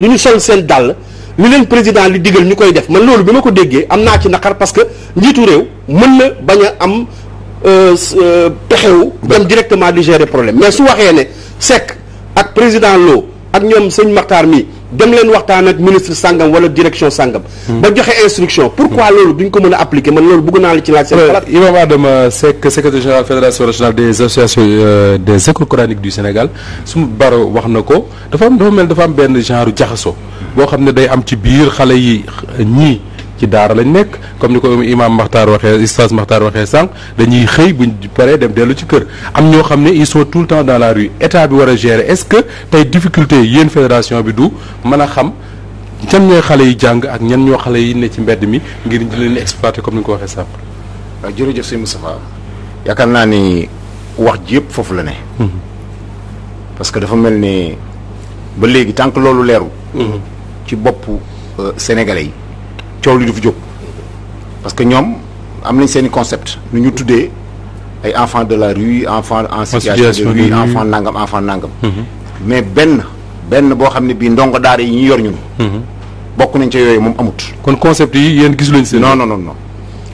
ñu ñu sol seen dàll li leen président li digal ñu koy def man loolu bi ma ko déggee am naa ci naqar parce que njiitu réew mën na bañ a am euh, euh, pexewu dem directement di gérer problème mais su waxee ne Seck ak président loo ak ñoom sëñ Maxtaar mi dem leen waxtaan ak ministre sàngam wala direction sàngam. Hmm. ba joxe instruction. pourquoi hmm. loolu duñ ko mën a appliquer man loolu bëgg naa la ci laaj seen xalaat. Imam Adama euh, Seck secrétaire général fédération nationale de associations euh, des écoles coraniques du Sénégal su baro wax na ko dafa am dafa mel dafa am benn genre jaxasoo boo xam ne day am ci biir xale yi ñii. ci daara lañ nekk comme ni ko imam Makhtar waxee ustaz Makhtar waxee sànq dañuy xëy buñ paree dem dellu ci kër am ñoo xam ne il sont tout le temps dans la rue état bi war a gérer est-ce que tey difficulté yéen fédération bi du mën a xam ñan ñooy xale yi jàng ak ñan ñoo xale yi ne ci mbedd mi ngir di leen exploiter comme ni ko waxee sànq. waaw ah, jërëjëf sëñ Moustapha yaakaar naa ni wax ji yëpp foofu la ne. Mhm. parce que dafa mel ni ba léegi tant loolu leeru mhm. ci bopp euh, sénégalais coow li du fi jóg parce que ñoom am nañ seen i concept nu ñu tuddee ay enfants de la rue enfants en situation de rue enfants nangam enfants nangam mhm. mais benn benn boo xam ne bii ndongo daara yi ñu yor ñun mhm. bokk nañ ca yooyu moom amut kon concept yi yéen gis luñ si non non non non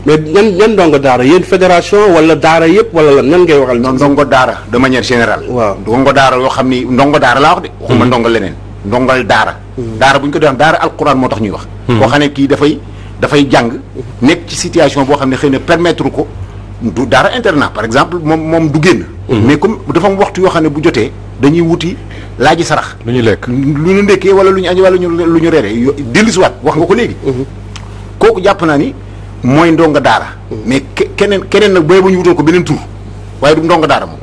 mais ñan ñan ndongo daara yéen fédération wala daara yëpp wala la nan ngay waxal non ndongo daara de manière général waaw ndongo daara yoo xam ni ndongo daara laa wax de waxuma mhm. ndongo leneen ndongal daara Mm-hmm. daara bu ñu ko doon daara alquran moo tax ñuy wax. Mm-hmm. koo xam ne kii dafay dafay jàng. Mm-hmm. nekk ci situation boo xam ne xëy ne permettre ko du daara internat par exemple moom moom du génn. mais comme dafa waxtu yoo xam ne bu jotee dañuy wuti laaji sarax. lu ñu lekk lu ñu ndekkee wala lu ñu añ wala lu ñu reere yo dellusiwaat wax nga ko léegi. kooku jàpp naa ni mooy ndonga daara. mais keneen keneen nag booy bu ñu wutal ko beneen tur waaye du ndonga daara moom.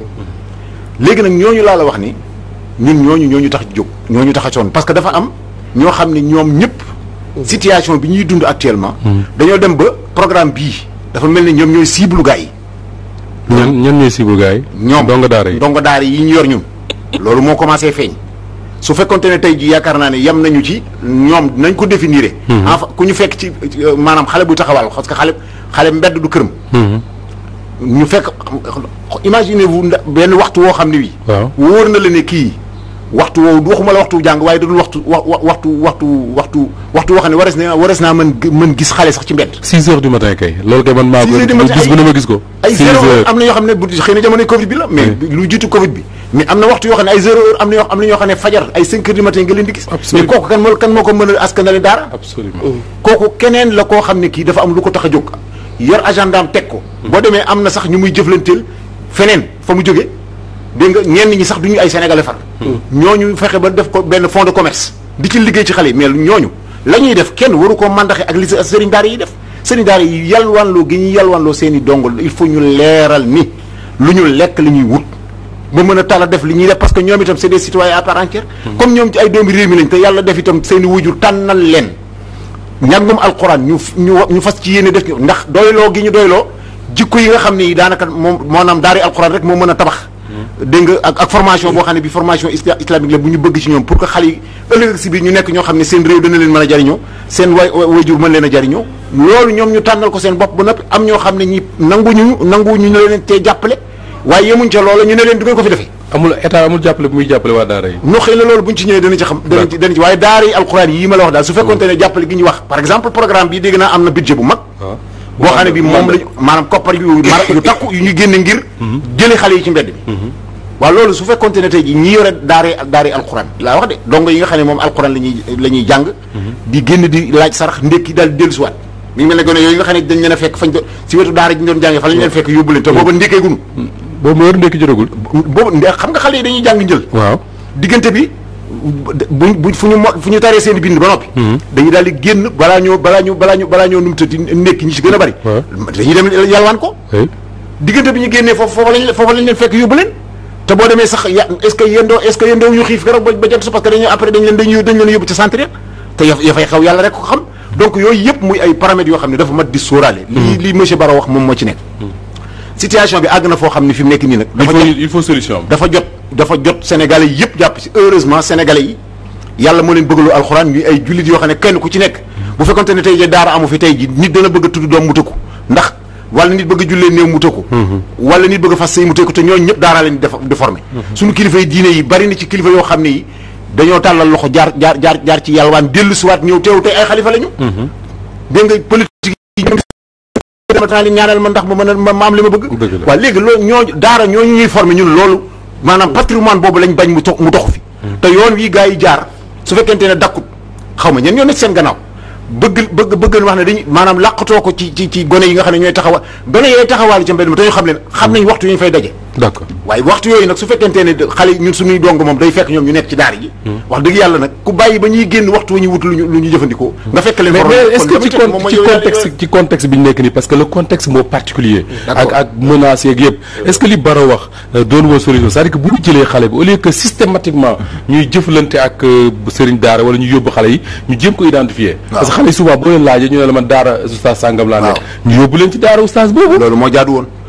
léegi nag ñooñu laa la wax ni. ñun ñooñu ñooñu tax jóg ñooñu tax a sonn parce que dafa am ñoo xam ne ñoom ñëpp situation bi ñuy dund actuellement hmm. dañoo dem ba programme bii dafa mel ne ñoom ñooy cible gars yi ñan ñan yi ñoom ndongo daara yi ndongo daara yi ñu yor ñun loolu moo commencé feeñ su fekkonte ne tey ji yaakaar naa ne yam nañu ci ñoom nañ ko définir hmm. enfin ku ñu fekk ci euh, maanaam xale buy taxawaal parce que xale xale mbedd du këram hmm. ñu fekk imaginez vous benn waxtu woo xam ne wi wóor na la ne kii waxtu woowu waxuma la waxtu jàng waaye da dul waxtu wa waxtu waxtu waxtu waxtu wax ne warees na warees naa mën mën gis xale sax ci mbedd. 6 heures du matin kay. loolu kay man maa ko gis yoo xam ne bu xëy na jamono Covid bi la. mais lu jiitu Covid bi. mais am na waxtu yoo xam ne ay a askanale mm. keneen la koo xam ne kii dafa am lu ko tax a jóg. yor agendaam teg ko. Mm. boo demee am na sax ñu muy jëflanteel feneen fa mu jóge dégg nga ñenn ñi sax duñu ay sénégalais far ñoo ñooñu fexe ba def ko benn fonds de commerce di ci liggéey ci xale yi mais ñooñu la ñuy def kenn waru ko mandaxe ak li sëriñ yi def sëriñ daara yi yalwaanloo gi ñu yalwaanloo seen i dong il faut ñu leeral ni lu ñu lekk li ñuy wut ba mën a tala def li ñuy def parce que ñoom itam c'est des citoyens à part entière hmm. comme ñoom ci ay doomi réew mi lañ te yàlla def itam seen i wujur tànnal leen njàngum alquran ñu ñu ñu fas ci yéene def ndax doyloo gi ñu doyloo jikko yi nga xam ne daanaka moom maanaam daari alquran rek moo mën a tabax dégg nga ak ak formation boo xam ne bi formation islamique la bu ñu bëgg ci ñoom pour que xale yi ëllëg si biir ñu nekk ñoo xam ne seen réew dana leen mën a jariñoo seen way wayjur mën leen a jariñoo loolu ñoom ñu tànnal ko seen bopp ba noppi am ñoo xam ne ñi nanguñu nanguñu ne leen cee jàppale waaye yemuñ ca loola ñu ne leen du ko fi defee amul état amul jàppale bu muy jàppale waa daara yi no xëy na loolu ci ñëwee dana ci xam dana ci dana ci waaye boo xam ne bi moom lañ maanaam koppar yu yu takku yu ñu génne ngir jële xale yi ci mbedd bi mhm. waaw loolu su fekkoonte ne tey ji ñi yore daaree daaree alxuraan laa wax de dongo yi nga xam ne moom alxuraan la ñuy la ñuy jàng mhm. di génn di laaj sarax ndékki daal dellusiwaat mi ngi mel ne gone yooyu nga xam ne dañ leen a fekk fañ doon si wetu daara ji ñu doon jàngee fa lañ leen fekk yóbbu leen te booba ndékkee gunu boobu ma xam nga xale yi dañuy jàng njël waaw diggante bi bu fu ñu mo fu ñu taree seen bind ba noppi. Hmm. dañuy daal génn balaa ñoo balaa ñu balaa ñu balaa ñoo nekk ñi ci gën a bari. dañuy dem yalwaan ko. diggante bi ñu génnee foofu foofa leen fekk yóbbu leen. te boo demee sax ya est que yéen doo que yéen ñu xiif keroog ba jant su parce que dañuy après dañ leen yóbbu ci centre te ya fay xaw yàlla rek ko xam donc yooyu yëpp muy ay paramètres yoo xam ne dafa mat di sóoraale. Hmm. lii lii monsieur Baro wax moo dafa jot sénégalais yëpp jàpp ci heureusement sénégalais yi yàlla moo leen bëggalu alxuraan ñuy ay jullit yoo xam ne kenn ku ci nekk bu fekkonte ne tey daara amu fi tey ji nit dana bëgg a doom mu tëkku ndax wala nit bëgg a jullee néew mu tëkku mhm. wala nit bëgg a fas say mu tëkku te ñooñu ñëpp daaraa leen déformé mhm. suñu kilifa yi diine yi bari na ci kilifa yoo xam ne yi dañoo tàllal loxo jaar jaar jaar ci yàlla waan dellu siwaat ñëw teew tey ay xalifa mhm. a ma maanaam patrimoine boobu lañ bañ mu mu dox fi te yoon wii gaa yi jaar su fekkente ne dakkut xaw ma yoon ñoo nekk seen gannaaw bëgg bëgg bëgg wax ne dañu maanaam làqatoo ko ci ci ci gone yi nga xam ne ñooy taxawa gone yooyu taxawaale ca mbedd mi te xam leen xam nañ waxtu yu fay daje d'accord waaye waxtu yooyu nag su fekkente ne xale ñun suñuy dong moom day fekk ñoom ñu nekk ci daara yi hmm. wax dëgg yàlla nag ku bàyyi ba ñuy génn waxtu ñu wut lu ñu jëfandikoo hmm. nga fekk leen mais est-ce que ci contexte ci contexte bi ñu nekk nii parce que le contexte moo particulier hmm. ak ak menaces yeeg yëpp est-ce euh, euh, daara wala ñu yóbbu xale yi ñu jéem ko identifier parce que xale yi souvent boo leen laajee ñu ne la man moo jaadu woon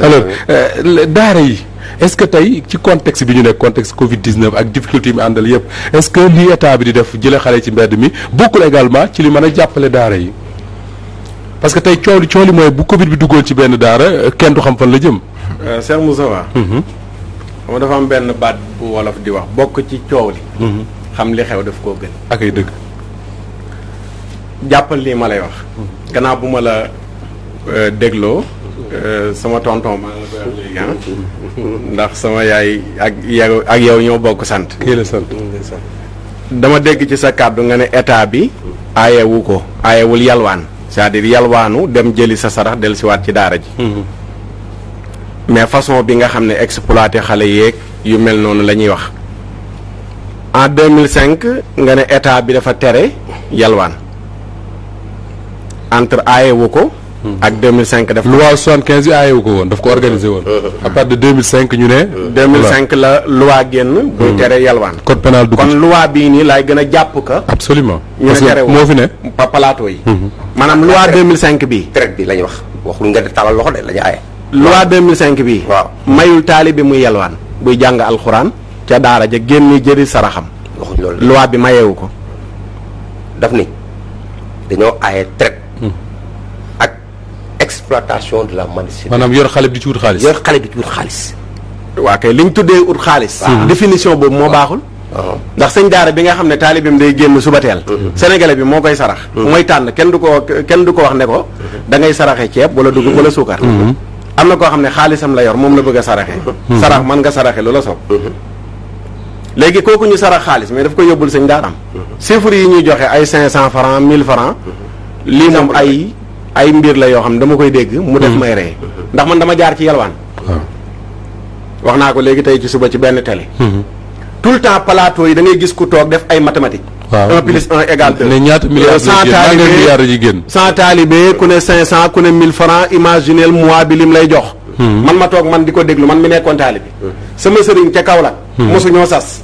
alors euh, daara yi est-ce que tey ci contexte bi ñu nekk contexte Covid 19 ak difficulté mi mu àndal yëpp est que li état bi di def jële xale ci mbedd mi bokkul également ci li man a jàppale daara yi parce que tey coow li coow li mooy bu Covid bi duggoon ci benn daara euh, kenn du xam fan la jëm. Euh, Cheikh Moussa Wa. xam mhm. dafa am benn baat bu wolof di wax bokk ci coow li. Mhm. xam li xew daf koo gën. ak ay dëgg. jàppal lii ma lay wax. Mhm. gannaaw bu ma la dégloo. Euh, sama tonton ah. ndax sama yaay ak yow ak yow ñoo bokk sant. kii mm, dama dégg ci sa kàddu nga ne état bi. aayewu ko aayewul yalwaan. sa à dire yalwaanu dem jëli sa sarax dellusiwaat ci daara ji. Mm-hmm. mais façon bi nga xam ne exploité xale yéeg yu mel noonu la ñuy wax. en 2005 nga ne état bi dafa tere yalwaan entre aayewu ko. ak 2005 def loi 75 bi aayewu ko woon daf ko organisé woon. Uh-huh. à partir de 2005 ñu ne. 2005 la loi génn. buy hmm. tere yalwaan. code pénal dugg kon loi bii nii laay gën a jàpp ka. absolument parce moo fi ne. pa palaatoo yi. Hmm. maanaam loi 2005 bii. traite bi la ñu wax waxul nga talal loxo de la ñu aaye. loi 2005 bii. waaw mayul taali bi muy yalwaan. buy jàng alxuraan ca daara ja génn jëri saraxam. waxuñ loolu loi bi mayewu ko. daf ni dañoo aaye traite. exploitation de la mendicité. maanaam yor xale bi di ci wut xaalis. bi di ci wut xaalis. waa kay li tuddee wut xaalis. définition boobu moo baaxul. Uh-huh. ndax sëñ daara bi nga xam ne taalibeem day génn suba teel. Uh-huh. sénégalais bi moo koy sarax. Uh-huh. mooy tànn kenn du ko kenn du ko wax ne ko. da ngay saraxe ceeb wala dugub wala suukar. am na koo xam ne xaalisam la yor moom la bëgg a saraxe. sarax mën nga saraxe lu la soob. léegi kooku ñu sarax xaalis mais daf ko yóbbul sëñ daaraam. chiffres yi ñuy joxe ay 500 francs 1000 francs ay mbir la yoo xam ne dama koy dégg. mu def mhm. may ree ndax man dama jaar ci yalwaan. wax naa ko léegi tey ci suba ci benn télé. Mhm. tout le temps plateau yi da ngay gis ku toog def ay mathématiques. waaw 1 plus ne ñaata milliards yi euh, génn sans talibé ku ne 500 ku ne 1000 francs mois bi lim lay jox. Mhm. man ma toog man di ko déglu man mi nekkoon talibé. sama sëriñ ca Kaolack. mosuñoo sas.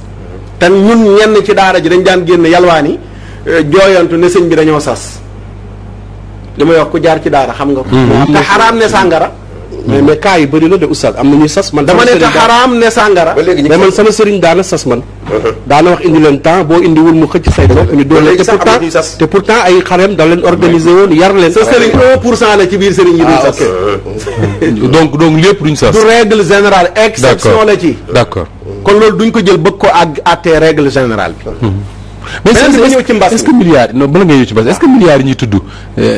te ñun ñenn ci daara ji dañ daan génn yalwaan yi euh, jooyantu ne sëñ bi dañoo sas. damay may wax ku jaar ci daara xam nga ko mm-hmm. te mm-hmm. mais mais cas yu bëri am na ñuy sas man dama ne te xaraam ne sàngara mais man sama sëriñ daana sas man uh-huh. daana wax indi leen temps boo indiwul mu xëcc say bopp ñu doole te pourtant te pourtant ay xareem da leen organiser woon yar leen sa sëriñ ah, un pour cent la ci biir sëriñ yi duñ ah, sas donc donc lépp duñ sas du règle générale exception la ci d'accord kon loolu duñ ko jël bëgg ko ak àttee règle générale bi mm-hmm. mais est ce que milliards non bala nga ñëw ci mbas est ce yi ñuy tudd.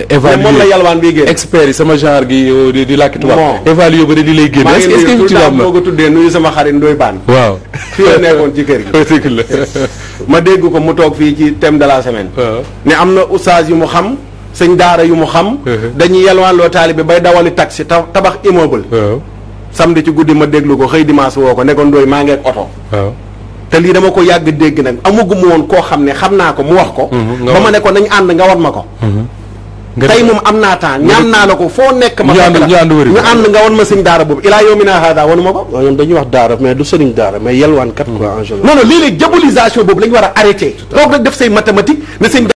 évalué euh, moom la yalwaan expert yi sama genre gi euh, di làkki tubaab. bon évalué ba de li lay génn. est tuddee nuyu sama xarit Ndoye Bane. waaw fii la nekkoon ma dégg ko mu toog fii ci thème de la semaine. Ah. ne am na oustaz yu mu xam. sëñ daara yu mu xam. Ah. dañuy yalwaan loo taalibe bay dawali taxi tabax immeuble. Ah. samedi ci guddi ma déglu ko xëy dimanche woo ko nekkoon Ndoye maa ngeeg oto. te lii dama ko yàgg dégg nag amaguma woon koo xam ne xam naa ko mu wax ko. Mhm, ba ma ne ko nañ ànd nga war ma ko. Mhm. tey moom am naa temps ñaan naa la ko foo nekk. ma fekk la ñu ànd ñu ànd nga wan ma sëñ daara boobu ilaa yow mi naa xaadaa wanu ma ko. waaw ñoom dañuy wax daara mais du sëriñ daara mais yelwaan kat quoi en général. non boobu la war a arrêté. toog nag def say mathématiques ne sëñ